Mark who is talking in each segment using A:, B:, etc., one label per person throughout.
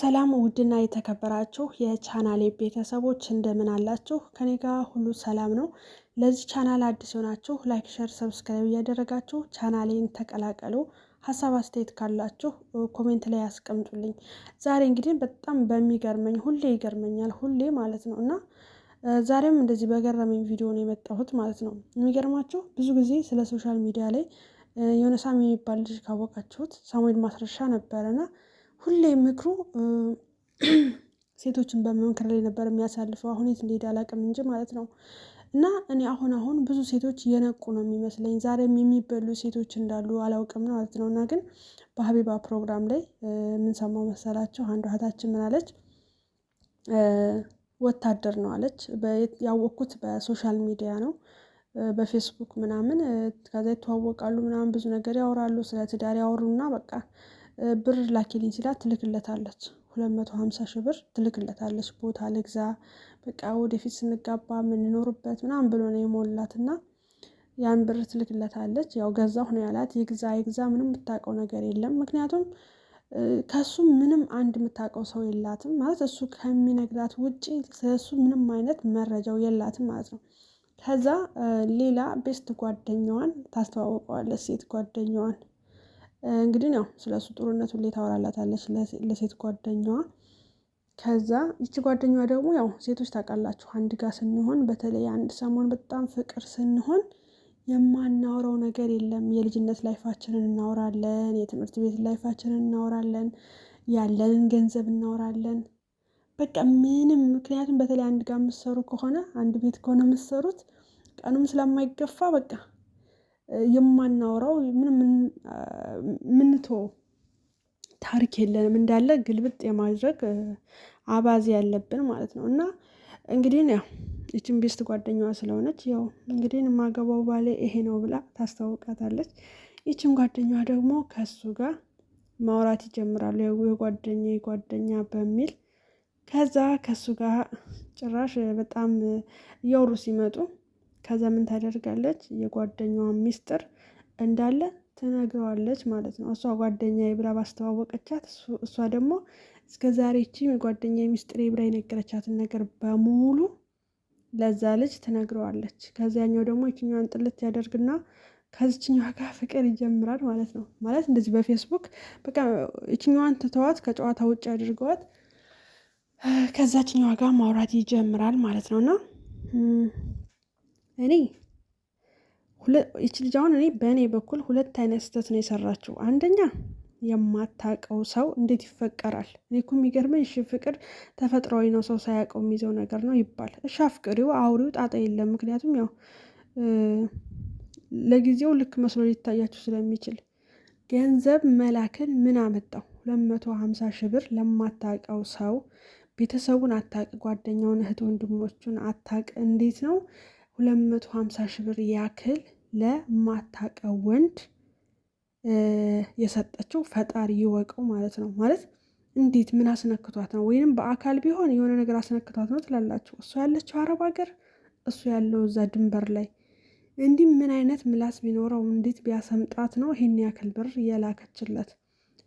A: ሰላም ውድና የተከበራችሁ የቻናሌ ቤተሰቦች እንደምን አላችሁ? ከኔ ጋር ሁሉ ሰላም ነው። ለዚህ ቻናል አዲስ ሆናችሁ ላይክ፣ ሸር፣ ሰብስክራይብ እያደረጋችሁ ቻናሌን ተቀላቀሉ። ሀሳብ አስተያየት ካላችሁ ኮሜንት ላይ ያስቀምጡልኝ። ዛሬ እንግዲህ በጣም በሚገርመኝ ሁሌ ይገርመኛል፣ ሁሌ ማለት ነው እና ዛሬም እንደዚህ በገረመኝ ቪዲዮ ነው የመጣሁት ማለት ነው። የሚገርማችሁ ብዙ ጊዜ ስለ ሶሻል ሚዲያ ላይ የሆነ ሳሚ የሚባል ልጅ ካወቃችሁት ሳሙኤል ማስረሻ ነበረና ሁሌ ምክሩ ሴቶችን በመምከር ላይ ነበር የሚያሳልፈው። አሁን የት እንደሄደ አላውቅም እንጂ ማለት ነው። እና እኔ አሁን አሁን ብዙ ሴቶች የነቁ ነው የሚመስለኝ። ዛሬም የሚበሉ ሴቶች እንዳሉ አላውቅም ነው ማለት ነው። እና ግን በሀቢባ ፕሮግራም ላይ የምንሰማው መሰላቸው አንዱ እህታችን ምን አለች? ወታደር ነው አለች። ያወቅኩት በሶሻል ሚዲያ ነው በፌስቡክ ምናምን ከዛ ይተዋወቃሉ ምናምን ብዙ ነገር ያወራሉ ስለ ትዳር ያወሩና በቃ ብር ላኪልኝ ሲላት ትልክለታለች ሁለት መቶ ሺህ ብር ትልክለታለች ቦታ ልግዛ በቃ ወደፊት ስንጋባ የምንኖርበት ምናምን ብሎ ነው የሞላት እና ያን ብር ትልክለታለች ያው ገዛሁ ነው ያላት ይግዛ የግዛ ምንም የምታውቀው ነገር የለም ምክንያቱም ከሱ ምንም አንድ የምታውቀው ሰው የላትም ማለት እሱ ከሚነግራት ውጪ ስለሱ ምንም አይነት መረጃው የላትም ማለት ነው። ከዛ ሌላ ቤስት ጓደኛዋን ታስተዋውቀዋለች ሴት ጓደኛዋን እንግዲህ ነው ስለሱ ጥሩነት ሁሌ ታወራላታለች ለሴት ጓደኛዋ። ከዛ ይቺ ጓደኛዋ ደግሞ ያው ሴቶች ታውቃላችሁ አንድ ጋር ስንሆን በተለይ አንድ ሰሞን በጣም ፍቅር ስንሆን የማናውረው ነገር የለም። የልጅነት ላይፋችንን እናውራለን፣ የትምህርት ቤት ላይፋችንን እናወራለን፣ ያለንን ገንዘብ እናወራለን። በቃ ምንም ምክንያቱም በተለይ አንድ ጋር የምትሰሩ ከሆነ አንድ ቤት ከሆነ የምትሰሩት ቀኑም ስለማይገፋ በቃ የማናወራው ምን ምንቶ ታሪክ የለንም እንዳለ ግልብጥ የማድረግ አባዜ ያለብን ማለት ነው። እና እንግዲህ ያው ይችን ቤስት ጓደኛዋ ስለሆነች ያው እንግዲህ የማገባው ባሌ ይሄ ነው ብላ ታስታውቃታለች። ይችን ጓደኛዋ ደግሞ ከሱ ጋር ማውራት ይጀምራሉ። የጓደኛ ጓደኛ በሚል ከዛ ከሱ ጋር ጭራሽ በጣም እያወሩ ሲመጡ ከዛ ምን ታደርጋለች? የጓደኛዋን ሚስጥር እንዳለ ትነግረዋለች ማለት ነው። እሷ ጓደኛ ብላ ባስተዋወቀቻት እሷ ደግሞ እስከ ዛሬ ቺም የጓደኛ ሚስጥር ብላ የነገረቻትን ነገር በሙሉ ለዛ ልጅ ትነግረዋለች። ከዚያኛው ደግሞ የችኛዋን ጥልት ያደርግና ከዚችኛዋ ጋር ፍቅር ይጀምራል ማለት ነው። ማለት እንደዚህ በፌስቡክ በቃ የችኛዋን ትተዋት ከጨዋታ ውጭ አድርገዋት ከዛችኛዋ ጋር ማውራት ይጀምራል ማለት ነው እና እኔ ይች ልጅ አሁን እኔ በእኔ በኩል ሁለት አይነት ስህተት ነው የሰራችው። አንደኛ የማታውቀው ሰው እንዴት ይፈቀራል? እኔ እኮ የሚገርመኝ እሺ ፍቅር ተፈጥሯዊ ነው፣ ሰው ሳያውቀው የሚይዘው ነገር ነው ይባል። እሺ አፍቅሪው፣ አውሪው፣ ጣጣ የለም። ምክንያቱም ያው ለጊዜው ልክ መስሎ ሊታያችሁ ስለሚችል ገንዘብ መላክን ምን አመጣው? ሁለት መቶ ሀምሳ ሺህ ብር ለማታውቀው ሰው ቤተሰቡን አታውቅ፣ ጓደኛውን፣ እህት ወንድሞቹን አታውቅ። እንዴት ነው 250 ሺህ ብር ያክል ለማታቀው ወንድ የሰጠችው ፈጣሪ ይወቀው ማለት ነው። ማለት እንዴት ምን አስነክቷት ነው? ወይንም በአካል ቢሆን የሆነ ነገር አስነክቷት ነው ትላላችሁ። እሱ ያለችው አረብ ሀገር፣ እሱ ያለው እዛ ድንበር ላይ እንዲህ ምን አይነት ምላስ ቢኖረው እንዴት ቢያሰምጣት ነው ይሄን ያክል ብር የላከችለት?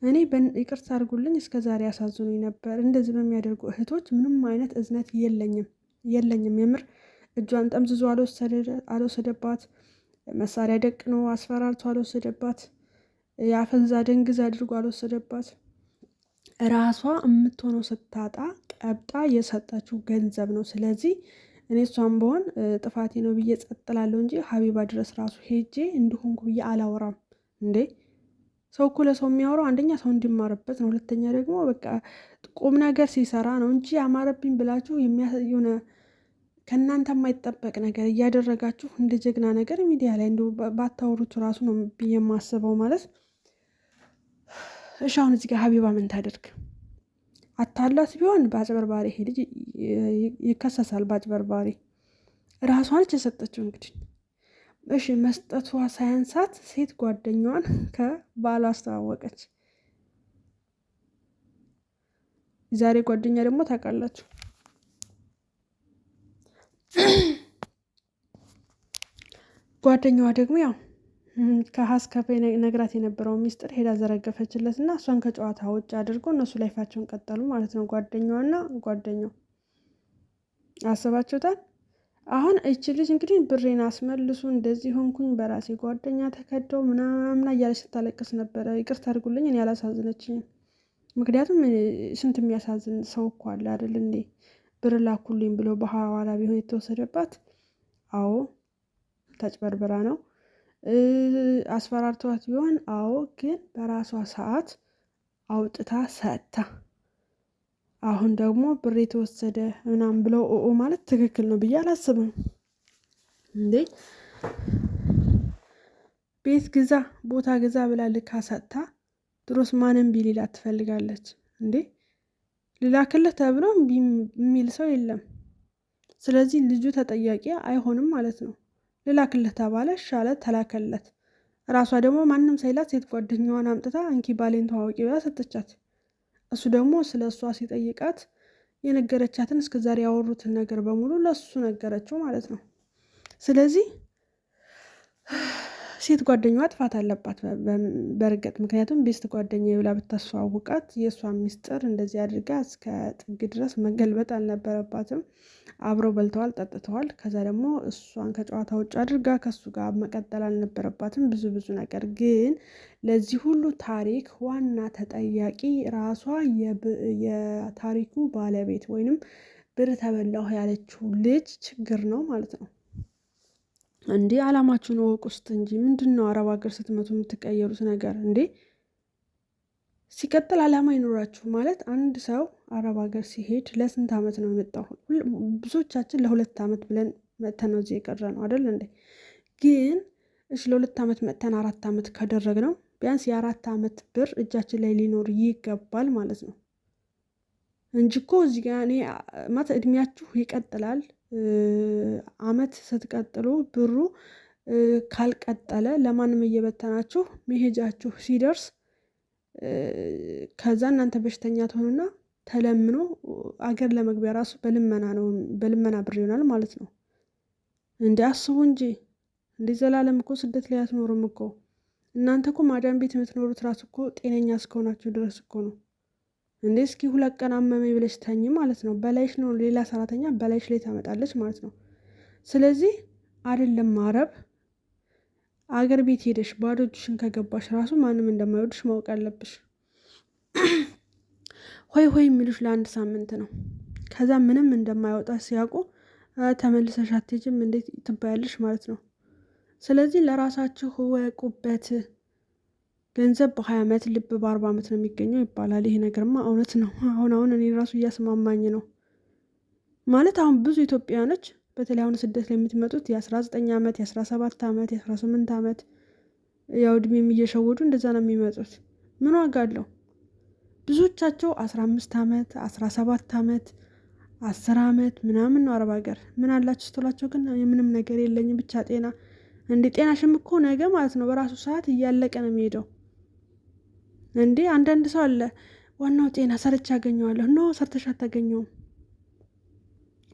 A: እኔ ይቅርታ አድርጉልኝ እስከ ዛሬ ያሳዝኑኝ ነበር። እንደዚህ በሚያደርጉ እህቶች ምንም አይነት እዝነት የለኝም የለኝም የምር እጇን ጠምዝዞ አልወሰደባት። መሳሪያ ደቅኖ አስፈራርቶ አልወሰደባት። የአፈንዛ ደንግዝ አድርጎ አልወሰደባት። ራሷ የምትሆነው ስታጣ ቀብጣ የሰጠችው ገንዘብ ነው። ስለዚህ እኔ እሷም በሆን ጥፋቴ ነው ብዬ ጸጥላለሁ እንጂ ሀቢባ ድረስ ራሱ ሄጄ እንዲሆንኩ ብዬ አላወራም እንዴ። ሰው እኮ ለሰው የሚያወራው አንደኛ ሰው እንዲማርበት ነው፣ ሁለተኛ ደግሞ በቃ ቁም ነገር ሲሰራ ነው እንጂ ያማረብኝ ብላችሁ የሆነ ከእናንተ የማይጠበቅ ነገር እያደረጋችሁ እንደ ጀግና ነገር ሚዲያ ላይ እንደ ባታወሩት ራሱ ነው ብዬ የማስበው። ማለት እሺ አሁን እዚህ ጋር ሀቢባ ምን ታደርግ? አታላት ቢሆን በአጭበርባሪ ይሄ ልጅ ይከሰሳል። በአጭበርባሪ ራሷ ነች የሰጠችው። እንግዲህ እሺ መስጠቷ ሳያንሳት ሴት ጓደኛዋን ከባሏ አስተዋወቀች። ዛሬ ጓደኛ ደግሞ ታውቃላችሁ ጓደኛዋ ደግሞ ያው ከሀስ ነግራት የነበረው ሚስጥር ሄዳ ዘረገፈችለት እና እሷን ከጨዋታ ውጭ አድርጎ እነሱ ላይፋቸውን ቀጠሉ ማለት ነው። ጓደኛዋና ጓደኛው አስባችሁታል። አሁን እች ልጅ እንግዲህ ብሬን አስመልሱ እንደዚህ ሆንኩኝ በራሴ ጓደኛ ተከደው ምናምና እያለች ስታለቅስ ነበረ። ይቅርታ አድርጉልኝ እኔ አላሳዝነችኝም። ምክንያቱም ስንት የሚያሳዝን ሰው እኮ አለ አይደል እንዴ? ብር ላኩልኝ ብሎ በኋላ ቢሆን የተወሰደባት አዎ ተጭበርብራ ነው። አስፈራርተዋት ቢሆን አዎ፣ ግን በራሷ ሰዓት አውጥታ ሰጥታ አሁን ደግሞ ብር የተወሰደ ምናምን ብለው ኦኦ ማለት ትክክል ነው ብዬ አላስብም። እንዴ ቤት ግዛ ቦታ ግዛ ብላ ልካ ሰጥታ ድሮስ ማንም ቢሊላት ትፈልጋለች እንዴ? ልላክልህ ተብሎ የሚል ሰው የለም። ስለዚህ ልጁ ተጠያቂ አይሆንም ማለት ነው። ልላክልህ ተባለ፣ ሻለ፣ ተላከለት። እራሷ ደግሞ ማንም ሳይላት ሴት ጓደኛዋን አምጥታ እንኪ ባሌን ተዋወቂ ብላ ሰጠቻት። እሱ ደግሞ ስለ እሷ ሲጠይቃት የነገረቻትን ዛሬ ያወሩትን ነገር በሙሉ ለሱ ነገረችው ማለት ነው። ስለዚህ ሴት ጓደኛዋ ጥፋት አለባት በእርግጥ ምክንያቱም ቤስት ጓደኛ ብላ ብታስተዋውቃት የእሷን ሚስጥር እንደዚህ አድርጋ እስከ ጥግ ድረስ መገልበጥ አልነበረባትም። አብረው በልተዋል፣ ጠጥተዋል። ከዛ ደግሞ እሷን ከጨዋታ ውጭ አድርጋ ከሱ ጋር መቀጠል አልነበረባትም። ብዙ ብዙ ነገር ግን ለዚህ ሁሉ ታሪክ ዋና ተጠያቂ ራሷ የታሪኩ ባለቤት ወይንም ብር ተበላሁ ያለችው ልጅ ችግር ነው ማለት ነው። እንዲህ አላማችሁን እወቁ ውስጥ እንጂ ምንድን ነው አረብ ሀገር ስትመቱ የምትቀየሩት ነገር እንዴ? ሲቀጥል አላማ ይኖራችሁ ማለት አንድ ሰው አረብ ሀገር ሲሄድ ለስንት ዓመት ነው የመጣው? ብዙዎቻችን ለሁለት ዓመት ብለን መጥተን ነው እዚህ የቀረ ነው አደል እንዴ? ግን እሺ ለሁለት ዓመት መጥተን አራት ዓመት ከደረግ ነው ቢያንስ የአራት ዓመት ብር እጃችን ላይ ሊኖር ይገባል ማለት ነው። እንጂ እኮ እዚህ ጋ እኔ ማለት እድሜያችሁ ይቀጥላል። አመት ስትቀጥሉ ብሩ ካልቀጠለ ለማንም እየበተናችሁ መሄጃችሁ ሲደርስ ከዛ እናንተ በሽተኛ ትሆኑና ተለምኖ አገር ለመግቢያ ራሱ በልመና ነው በልመና ብር ይሆናል ማለት ነው። እንዲ አስቡ እንጂ እንዲ ዘላለም እኮ ስደት ላይ አትኖርም እኮ እናንተ እኮ ማዳን ቤት የምትኖሩት ራሱ እኮ ጤነኛ እስከሆናችሁ ድረስ እኮ ነው። እንዴ እስኪ ሁለት ቀን አመመኝ ብለሽ ተኝ ማለት ነው። በላይሽ ነው ሌላ ሰራተኛ በላይሽ ላይ ታመጣለች ማለት ነው። ስለዚህ አይደለም አረብ አገር ቤት ሄደሽ ባዶ እጅሽን ከገባሽ ራሱ ማንም እንደማይወድሽ ማወቅ አለብሽ። ሆይ ሆይ የሚሉሽ ለአንድ ሳምንት ነው። ከዛ ምንም እንደማይወጣ ሲያውቁ ተመልሰሽ አትሄጂም እንዴት ትባያለሽ ማለት ነው። ስለዚህ ለራሳችሁ እወቁበት። ገንዘብ በሀያ ዓመት ልብ በአርባ ዓመት ነው የሚገኘው ይባላል። ይሄ ነገርማ እውነት ነው። አሁን አሁን እኔ ራሱ እያስማማኝ ነው። ማለት አሁን ብዙ ኢትዮጵያውያኖች በተለይ አሁን ስደት ላይ የምትመጡት የአስራ ዘጠኝ ዓመት የአስራ ሰባት ዓመት የአስራ ስምንት ዓመት ያው እድሜም እየሸወዱ እንደዛ ነው የሚመጡት። ምን ዋጋ አለው? ብዙዎቻቸው አስራ አምስት ዓመት አስራ ሰባት ዓመት አስር ዓመት ምናምን ነው አረብ ሀገር። ምን አላችሁ ስትላቸው ግን የምንም ነገር የለኝም ብቻ ጤና እንደ ጤናሽም እኮ ነገ ማለት ነው በራሱ ሰዓት እያለቀ ነው የሚሄደው። እንዴ አንዳንድ ሰው አለ ዋናው ጤና ሰርች ያገኘዋለሁ። ኖ ሰርተሽ አታገኘውም።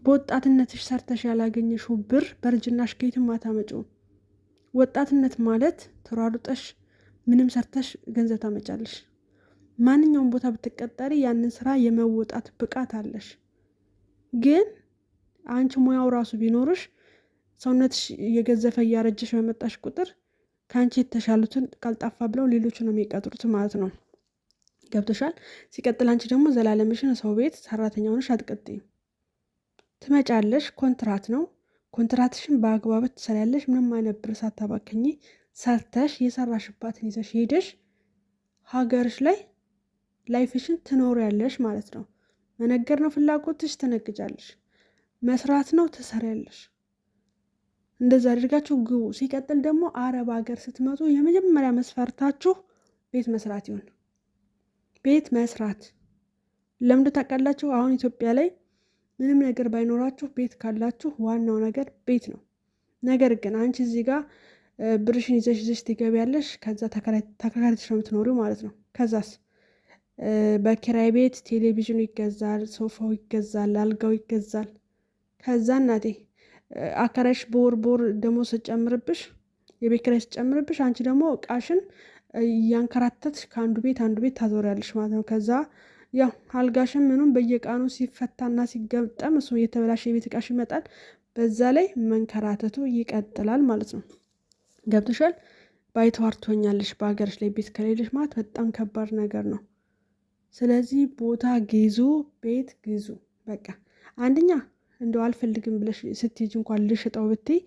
A: በወጣትነትሽ ሰርተሽ ያላገኘሽው ብር በእርጅናሽ ከየትም አታመጪውም። ወጣትነት ማለት ተሯሩጠሽ ምንም ሰርተሽ ገንዘብ ታመጫለሽ። ማንኛውም ቦታ ብትቀጠሪ ያንን ስራ የመወጣት ብቃት አለሽ። ግን አንቺ ሙያው ራሱ ቢኖርሽ ሰውነትሽ እየገዘፈ እያረጀሽ በመጣሽ ቁጥር ከአንቺ የተሻሉትን ቀልጣፋ ብለው ሌሎቹ ነው የሚቀጥሩት ማለት ነው። ገብቶሻል። ሲቀጥል አንቺ ደግሞ ዘላለምሽን ሰው ቤት ሰራተኛ ሆነሽ አትቀጥይም። ትመጫለሽ። ኮንትራት ነው። ኮንትራትሽን በአግባብ ትሰሪያለሽ። ምንም አይነት ብር ሳታባከኝ ሰርተሽ የሰራሽባትን ይዘሽ ሄደሽ ሀገርሽ ላይ ላይፍሽን ትኖሪያለሽ ማለት ነው። መነገር ነው ፍላጎትሽ፣ ትነግጃለሽ። መስራት ነው፣ ትሰሪያለሽ። እንደዛ አድርጋችሁ ግቡ። ሲቀጥል ደግሞ አረብ ሀገር ስትመጡ የመጀመሪያ መስፈርታችሁ ቤት መስራት ይሁን። ቤት መስራት ለምዶ ታውቃላችሁ። አሁን ኢትዮጵያ ላይ ምንም ነገር ባይኖራችሁ ቤት ካላችሁ ዋናው ነገር ቤት ነው። ነገር ግን አንቺ እዚህ ጋር ብርሽን ይዘሽ ይዘሽ ትገቢያለሽ። ከዛ ተከራይተሽ ነው የምትኖሪው ማለት ነው። ከዛስ በኪራይ ቤት ቴሌቪዥኑ ይገዛል፣ ሶፋው ይገዛል፣ አልጋው ይገዛል። ከዛ እናቴ አከራይሽ በወር በወር ደሞዝ ስጨምርብሽ የቤት ኪራይ ስጨምርብሽ አንቺ ደግሞ እቃሽን እያንከራተት ከአንዱ ቤት አንዱ ቤት ታዞሪያለሽ ማለት ነው። ከዛ ያው አልጋሽን ምኑም በየቃኑ ሲፈታና ሲገጠም እሱ የተበላሸ የቤት እቃሽ ይመጣል። በዛ ላይ መንከራተቱ ይቀጥላል ማለት ነው። ገብተሻል? ባይተዋር ትሆኛለሽ። በሀገርሽ ላይ ቤት ከሌለሽ ማለት በጣም ከባድ ነገር ነው። ስለዚህ ቦታ ግዙ፣ ቤት ግዙ። በቃ አንደኛ እንደው አልፈልግም ብለሽ ስትሄጂ እንኳን ልሽጠው ብትይ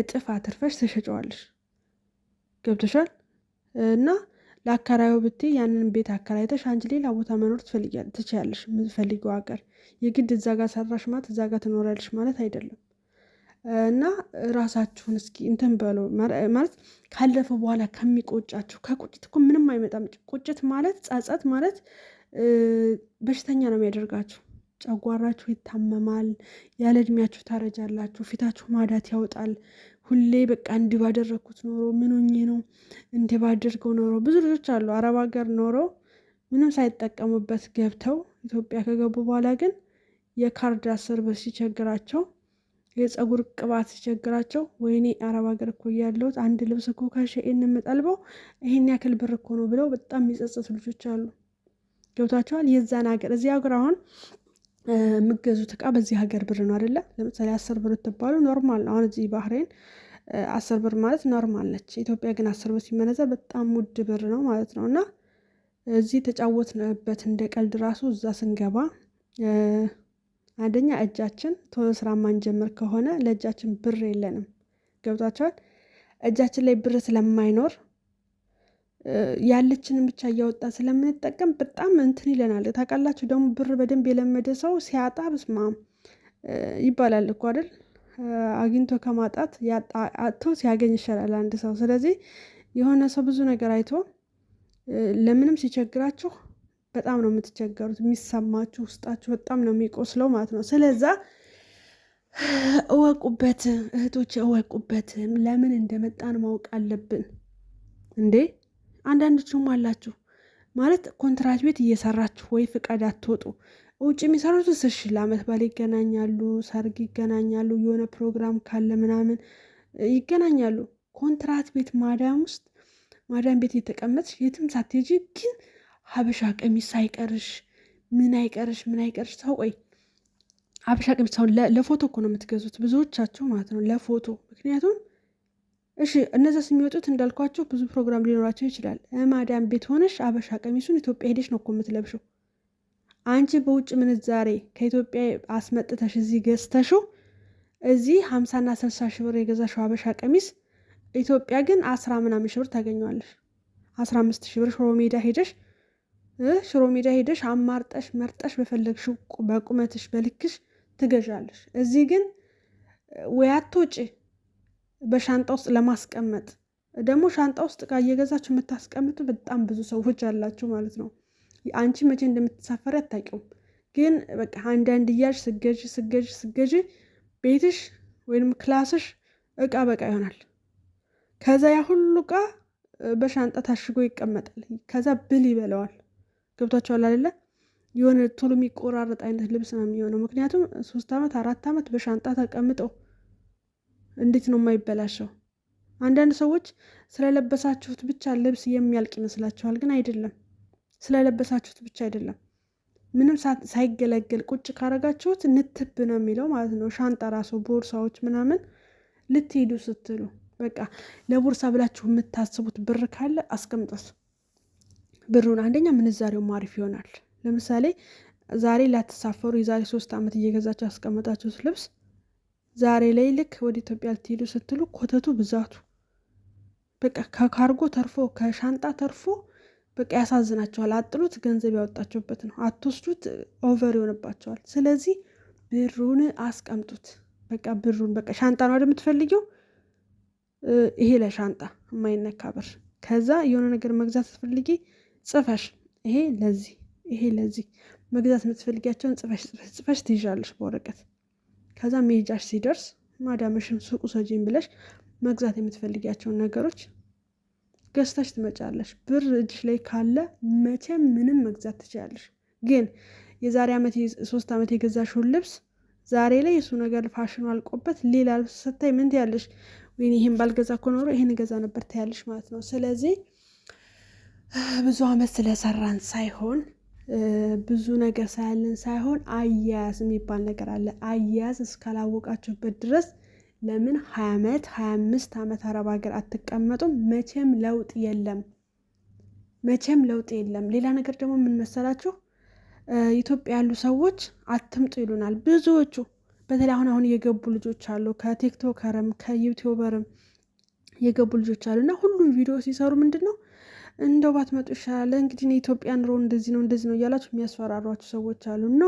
A: እጥፍ አትርፈሽ ትሸጨዋለሽ። ገብቶሻል? እና ለአከራዩ ብትይ ያንን ቤት አከራይተሽ አንቺ ሌላ ቦታ መኖር ትችያለሽ። የምትፈልጊው ሀገር የግድ እዛ ጋር ሰራሽ ማለት እዛ ጋር ትኖሪያለሽ ማለት አይደለም። እና ራሳችሁን እስኪ እንትን በሉ ማለት ካለፈ በኋላ ከሚቆጫችሁ ከቁጭት እኮ ምንም አይመጣም። ቁጭት ማለት ጸጸት ማለት በሽተኛ ነው የሚያደርጋችሁ። ጨጓራችሁ ይታመማል፣ ያለ እድሜያችሁ ታረጃላችሁ፣ ፊታችሁ ማዳት ያወጣል። ሁሌ በቃ እንዲህ ባደረግኩት ኖሮ ምን ሆኜ ነው እንዲህ ባደርገው ኖሮ። ብዙ ልጆች አሉ አረብ ሀገር ኖሮ ምንም ሳይጠቀሙበት ገብተው ኢትዮጵያ ከገቡ በኋላ ግን የካርድ ብር ሲቸግራቸው፣ የፀጉር ቅባት ሲቸግራቸው፣ ወይኔ አረብ ሀገር እኮ እያለሁት አንድ ልብስ እኮ ከሸኤን የምጠልበው ይሄን ያክል ብር እኮ ነው ብለው በጣም የሚጸጸቱ ልጆች አሉ። ገብቷቸዋል። የዛን ሀገር እዚህ ሀገር አሁን የምገዙት እቃ በዚህ ሀገር ብር ነው አደለ? ለምሳሌ አስር ብር ትባሉ ኖርማል ነው። አሁን እዚህ ባህሬን አስር ብር ማለት ኖርማል ነች። ኢትዮጵያ ግን አስር ብር ሲመነዘር በጣም ውድ ብር ነው ማለት ነው። እና እዚህ ተጫወትንበት እንደ ቀልድ ራሱ እዛ ስንገባ አንደኛ እጃችን ቶሎ ስራ ማንጀምር ከሆነ ለእጃችን ብር የለንም። ገብቷቸዋል። እጃችን ላይ ብር ስለማይኖር ያለችንን ብቻ እያወጣ ስለምንጠቀም በጣም እንትን ይለናል። ታውቃላችሁ ደግሞ ብር በደንብ የለመደ ሰው ሲያጣ ብስማ ይባላል እኮ አይደል? አግኝቶ ከማጣት አጥቶ ሲያገኝ ይሻላል አንድ ሰው። ስለዚህ የሆነ ሰው ብዙ ነገር አይቶ ለምንም ሲቸግራችሁ በጣም ነው የምትቸገሩት፣ የሚሰማችሁ ውስጣችሁ በጣም ነው የሚቆስለው ማለት ነው። ስለዛ እወቁበት እህቶች፣ እወቁበት። ለምን እንደመጣን ማወቅ አለብን እንዴ አንዳንዶችም አላችሁ ማለት ኮንትራት ቤት እየሰራችሁ ወይ ፍቃድ አትወጡ ውጭ የሚሰሩት ስሽ ለአመት በዓል ይገናኛሉ፣ ሰርግ ይገናኛሉ፣ የሆነ ፕሮግራም ካለ ምናምን ይገናኛሉ። ኮንትራት ቤት ማዳም ውስጥ ማዳም ቤት የተቀመጥሽ የትም ሳትሄጂ ግን ሀበሻ ቀሚስ አይቀርሽ ምን አይቀርሽ ምን አይቀርሽ። ሰው ወይ ሀበሻ ቀሚስ ለፎቶ እኮ ነው የምትገዙት ብዙዎቻቸው ማለት ነው ለፎቶ ምክንያቱም እሺ እነዛስ የሚወጡት እንዳልኳቸው ብዙ ፕሮግራም ሊኖራቸው ይችላል። ማዳም ቤት ሆነሽ አበሻ ቀሚሱን ኢትዮጵያ ሄደሽ ነው እኮ የምትለብሽው። አንቺ በውጭ ምንዛሬ ከኢትዮጵያ አስመጥተሽ እዚህ ገዝተሽው እዚህ ሀምሳና ስልሳ ሺህ ብር የገዛሽው አበሻ ቀሚስ ኢትዮጵያ ግን አስራ ምናምን ሺህ ብር ታገኘዋለሽ። አስራ አምስት ሺህ ብር ሽሮ ሜዳ ሄደሽ ሽሮ ሜዳ ሄደሽ አማርጠሽ መርጠሽ በፈለግሽው በቁመትሽ በልክሽ ትገዣለሽ። እዚህ ግን ወይ አትወጪ በሻንጣ ውስጥ ለማስቀመጥ ደግሞ ሻንጣ ውስጥ እቃ እየገዛችሁ የምታስቀምጡ በጣም ብዙ ሰዎች አላችሁ ማለት ነው። አንቺ መቼ እንደምትሳፈሪ አታውቂውም። ግን በቃ አንዳንድ እያልሽ ስገጅ ስገጅ ስገዢ ቤትሽ ወይም ክላስሽ እቃ በቃ ይሆናል። ከዛ ያ ሁሉ እቃ በሻንጣ ታሽጎ ይቀመጣል። ከዛ ብል ይበለዋል። ገብቷቸዋል አይደለ? የሆነ ቶሎ የሚቆራረጥ አይነት ልብስ ነው የሚሆነው። ምክንያቱም ሶስት ዓመት አራት ዓመት በሻንጣ ተቀምጠው እንዴት ነው የማይበላሸው? አንዳንድ ሰዎች ስለለበሳችሁት ብቻ ልብስ የሚያልቅ ይመስላችኋል፣ ግን አይደለም። ስለለበሳችሁት ብቻ አይደለም። ምንም ሳይገለገል ቁጭ ካረጋችሁት ንትብ ነው የሚለው ማለት ነው። ሻንጣ ራሱ ቦርሳዎች ምናምን ልትሄዱ ስትሉ በቃ ለቦርሳ ብላችሁ የምታስቡት ብር ካለ አስቀምጡት። ብሩን አንደኛ ምንዛሬውም አሪፍ ይሆናል። ለምሳሌ ዛሬ ላትሳፈሩ የዛሬ ሶስት ዓመት እየገዛችሁ ያስቀመጣችሁት ልብስ ዛሬ ላይ ልክ ወደ ኢትዮጵያ ልትሄዱ ስትሉ ኮተቱ ብዛቱ በቃ ከካርጎ ተርፎ ከሻንጣ ተርፎ በቃ ያሳዝናቸዋል። አጥሉት ገንዘብ ያወጣችሁበት ነው። አትወስዱት ኦቨር ይሆንባቸዋል። ስለዚህ ብሩን አስቀምጡት። በቃ ብሩን በቃ ሻንጣ ነው የምትፈልጊው፣ ይሄ ለሻንጣ የማይነካ ብር። ከዛ የሆነ ነገር መግዛት ስትፈልጊ ጽፈሽ ይሄ ለዚህ ይሄ ለዚህ መግዛት የምትፈልጊያቸውን ጽፈሽ ጽፈሽ ትይዣለች ትይዣለሽ በወረቀት ከዛ መሄጃሽ ሲደርስ ማዳመሽን ሱቁ ሰጂን ብለሽ መግዛት የምትፈልጊያቸውን ነገሮች ገዝተሽ ትመጫለሽ። ብር እጅሽ ላይ ካለ መቼም ምንም መግዛት ትችላለሽ። ግን የዛሬ ዓመት ሶስት ዓመት የገዛሽውን ልብስ ዛሬ ላይ የእሱ ነገር ፋሽኑ አልቆበት ሌላ ልብስ ስታይ ምን ትያለሽ? ወይኔ ይህን ባልገዛ እኮ ኖሮ ይህን ገዛ ነበር ትያለሽ ማለት ነው። ስለዚህ ብዙ ዓመት ስለሰራን ሳይሆን ብዙ ነገር ሳያልን ሳይሆን አያያዝ የሚባል ነገር አለ። አያያዝ እስካላወቃችሁበት ድረስ ለምን ሀያ ዓመት ሀያ አምስት ዓመት አረብ ሀገር አትቀመጡም? መቼም ለውጥ የለም። መቼም ለውጥ የለም። ሌላ ነገር ደግሞ የምንመሰላችሁ ኢትዮጵያ ያሉ ሰዎች አትምጡ ይሉናል ብዙዎቹ። በተለይ አሁን አሁን የገቡ ልጆች አሉ፣ ከቲክቶከርም ከዩቲዩበርም የገቡ ልጆች አሉ እና ሁሉም ቪዲዮ ሲሰሩ ምንድን ነው እንደው ባትመጡ ይሻላል። እንግዲህ ኢትዮጵያ ኑሮ እንደዚህ ነው እንደዚህ ነው እያላችሁ የሚያስፈራሯችሁ ሰዎች አሉ። ኖ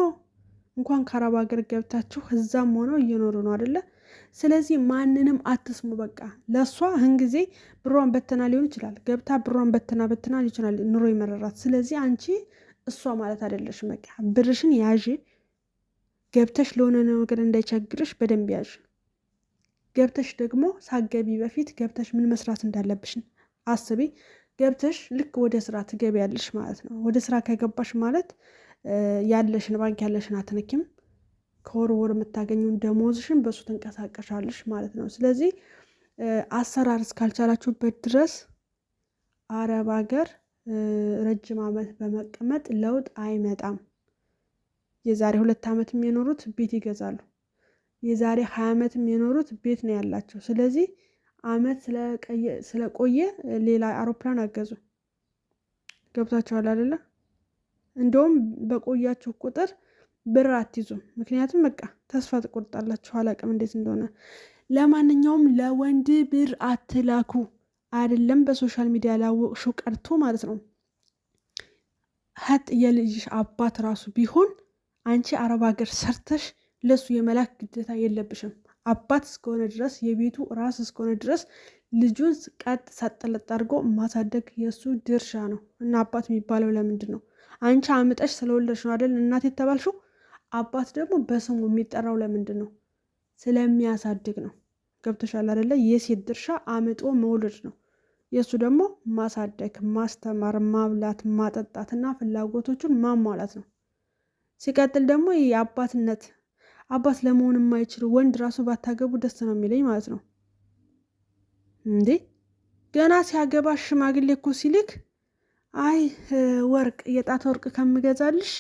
A: እንኳን ከአረብ ሀገር ገብታችሁ እዛም ሆነው እየኖሩ ነው አደለ? ስለዚህ ማንንም አትስሙ። በቃ ለእሷ ህን ጊዜ ብሯን በተና ሊሆን ይችላል ገብታ ብሯን በተና በተና ይችላል ኑሮ ይመረራት። ስለዚህ አንቺ እሷ ማለት አደለሽ። በቃ ብርሽን ያዥ፣ ገብተሽ ለሆነ ነገር እንዳይቸግርሽ በደንብ ያዥ። ገብተሽ ደግሞ ሳገቢ በፊት ገብተሽ ምን መስራት እንዳለብሽን አስቢ። ገብተሽ ልክ ወደ ስራ ትገቢያለሽ ማለት ነው። ወደ ስራ ከገባሽ ማለት ያለሽን ባንክ ያለሽን አትነኪም። ከወር ወር የምታገኘውን ደሞዝሽን በእሱ ትንቀሳቀሻለሽ ማለት ነው። ስለዚህ አሰራር እስካልቻላችሁበት ድረስ አረብ ሀገር ረጅም ዓመት በመቀመጥ ለውጥ አይመጣም። የዛሬ ሁለት ዓመትም የኖሩት ቤት ይገዛሉ። የዛሬ ሀያ ዓመትም የኖሩት ቤት ነው ያላቸው። ስለዚህ አመት ስለቆየ ሌላ አውሮፕላን አገዙ። ገብታችኋል አይደለ? እንደውም በቆያችሁ ቁጥር ብር አትይዙም። ምክንያቱም በቃ ተስፋ ትቆርጣላችሁ። አላቅም እንዴት እንደሆነ። ለማንኛውም ለወንድ ብር አትላኩ። አይደለም በሶሻል ሚዲያ ላወቅሽው ቀርቶ ማለት ነው። ሀጥ የልጅሽ አባት ራሱ ቢሆን አንቺ አረብ ሀገር ሰርተሽ ለሱ የመላክ ግዴታ የለብሽም። አባት እስከሆነ ድረስ የቤቱ ራስ እስከሆነ ድረስ ልጁን ቀጥ ሳጠለጥ አድርጎ ማሳደግ የእሱ ድርሻ ነው እና አባት የሚባለው ለምንድን ነው? አንቺ አምጠሽ ስለወለድሽ ነው አይደል እናት የተባልሽው? አባት ደግሞ በስሙ የሚጠራው ለምንድን ነው? ስለሚያሳድግ ነው። ገብቶሻል አይደለ? የሴት ድርሻ አምጦ መውለድ ነው። የእሱ ደግሞ ማሳደግ፣ ማስተማር፣ ማብላት፣ ማጠጣትና ፍላጎቶቹን ማሟላት ነው። ሲቀጥል ደግሞ የአባትነት አባት ለመሆን የማይችል ወንድ ራሱ ባታገቡ ደስ ነው የሚለኝ ማለት ነው። እንዴ ገና ሲያገባ ሽማግሌ እኮ ሲልክ አይ ወርቅ የጣት ወርቅ ከምገዛልሽ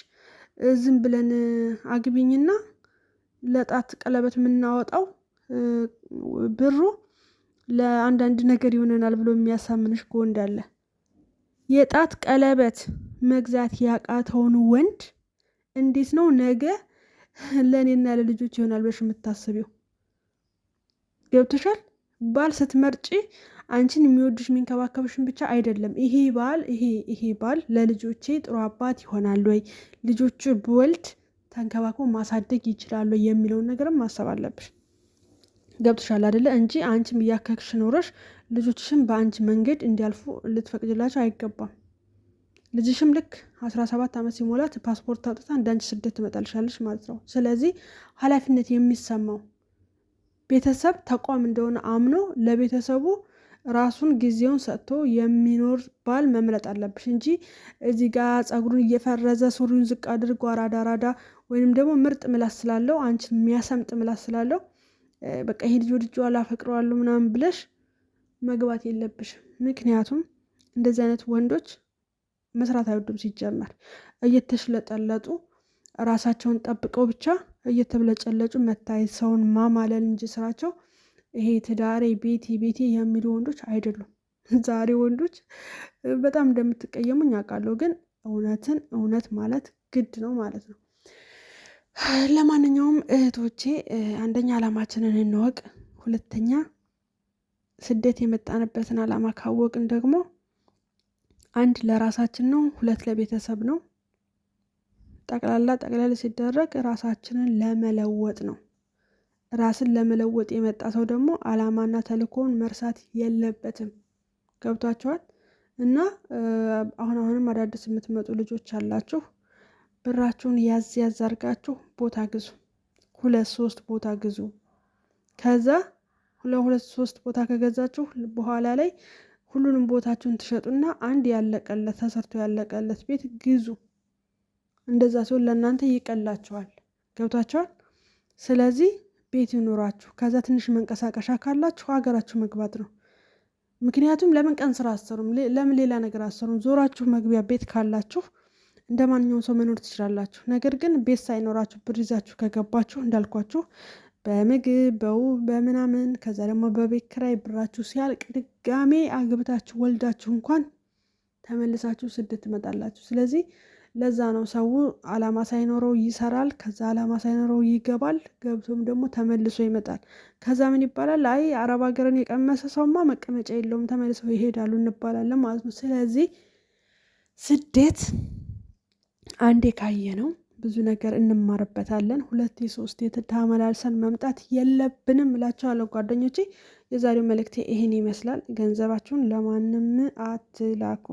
A: ዝም ብለን አግቢኝና ለጣት ቀለበት የምናወጣው ብሩ ለአንዳንድ ነገር ይሆነናል ብሎ የሚያሳምንሽ ወንድ አለ። የጣት ቀለበት መግዛት ያቃተውን ወንድ እንዴት ነው ነገ ለእኔና ለልጆች ይሆናል ብለሽ የምታስቢው ገብቶሻል። ባል ስትመርጪ አንቺን የሚወዱሽ የሚንከባከብሽን ብቻ አይደለም። ይሄ ባል ይሄ ይሄ ባል ለልጆቼ ጥሩ አባት ይሆናል ወይ፣ ልጆቹ ብወልድ ተንከባክቦ ማሳደግ ይችላሉ የሚለውን ነገርም ማሰብ አለብሽ። ገብቶሻል አደለ? እንጂ አንቺም እያከክሽ ኖረሽ ልጆችሽን በአንቺ መንገድ እንዲያልፉ ልትፈቅጅላቸው አይገባም። ልጅሽም ልክ 17 ዓመት ሲሞላት ፓስፖርት አውጥታ እንዳንቺ ስደት ትመጣልሻለች ማለት ነው። ስለዚህ ኃላፊነት የሚሰማው ቤተሰብ ተቋም እንደሆነ አምኖ ለቤተሰቡ ራሱን ጊዜውን ሰጥቶ የሚኖር ባል መምረጥ አለብሽ እንጂ እዚህ ጋ ጸጉሩን እየፈረዘ ሱሪውን ዝቅ አድርጎ አራዳ አራዳ ወይንም ደግሞ ምርጥ ምላስ ስላለው አንቺን የሚያሰምጥ ምላስ ስላለው በቃ ይሄ ልጅ ወድጄ አላፈቅረዋለሁ ምናምን ብለሽ መግባት የለብሽም። ምክንያቱም እንደዚህ አይነት ወንዶች መስራት አይወዱም። ሲጀመር እየተሽለጠለጡ ራሳቸውን ጠብቀው ብቻ እየተብለጨለጩ መታየት ሰውን ማማለል እንጂ ስራቸው ይሄ ትዳሬ፣ ቤቴ፣ ቤቴ የሚሉ ወንዶች አይደሉም። ዛሬ ወንዶች በጣም እንደምትቀየሙኝ አውቃለሁ፣ ግን እውነትን እውነት ማለት ግድ ነው ማለት ነው። ለማንኛውም እህቶቼ አንደኛ ዓላማችንን እንወቅ፣ ሁለተኛ ስደት የመጣንበትን ዓላማ ካወቅን ደግሞ አንድ ለራሳችን ነው፣ ሁለት ለቤተሰብ ነው። ጠቅላላ ጠቅለል ሲደረግ ራሳችንን ለመለወጥ ነው። ራስን ለመለወጥ የመጣ ሰው ደግሞ ዓላማና ተልእኮውን መርሳት የለበትም። ገብቷቸዋል። እና አሁን አሁንም አዳዲስ የምትመጡ ልጆች አላችሁ፣ ብራችሁን ያዝ ያዝ አድርጋችሁ ቦታ ግዙ። ሁለት ሶስት ቦታ ግዙ። ከዛ ለሁለት ሶስት ቦታ ከገዛችሁ በኋላ ላይ ሁሉንም ቦታችሁን ትሸጡና አንድ ያለቀለት ተሰርቶ ያለቀለት ቤት ግዙ። እንደዛ ሲሆን ለእናንተ ይቀላችኋል። ገብታቸዋል። ስለዚህ ቤት ይኑራችሁ። ከዛ ትንሽ መንቀሳቀሻ ካላችሁ ሀገራችሁ መግባት ነው። ምክንያቱም ለምን ቀን ስራ አሰሩም፣ ለምን ሌላ ነገር አሰሩም። ዞራችሁ መግቢያ ቤት ካላችሁ እንደ ማንኛውም ሰው መኖር ትችላላችሁ። ነገር ግን ቤት ሳይኖራችሁ ብር ይዛችሁ ከገባችሁ እንዳልኳችሁ በምግብ በውብ በምናምን ከዛ ደግሞ በቤት ክራይ ብራችሁ ሲያልቅ ድጋሜ አግብታችሁ ወልዳችሁ እንኳን ተመልሳችሁ ስደት ትመጣላችሁ። ስለዚህ ለዛ ነው ሰው አላማ ሳይኖረው ይሰራል፣ ከዛ አላማ ሳይኖረው ይገባል፣ ገብቶም ደግሞ ተመልሶ ይመጣል። ከዛ ምን ይባላል? አይ አረብ ሀገርን የቀመሰ ሰውማ መቀመጫ የለውም ተመልሰው ይሄዳሉ እንባላለን ማለት ነው። ስለዚህ ስደት አንዴ ካየ ነው ብዙ ነገር እንማርበታለን። ሁለት ሶስቴ ተመላልሰን መምጣት የለብንም እላቸዋለሁ ጓደኞቼ። የዛሬው መልእክቴ ይህን ይመስላል። ገንዘባችሁን ለማንም አትላኩ።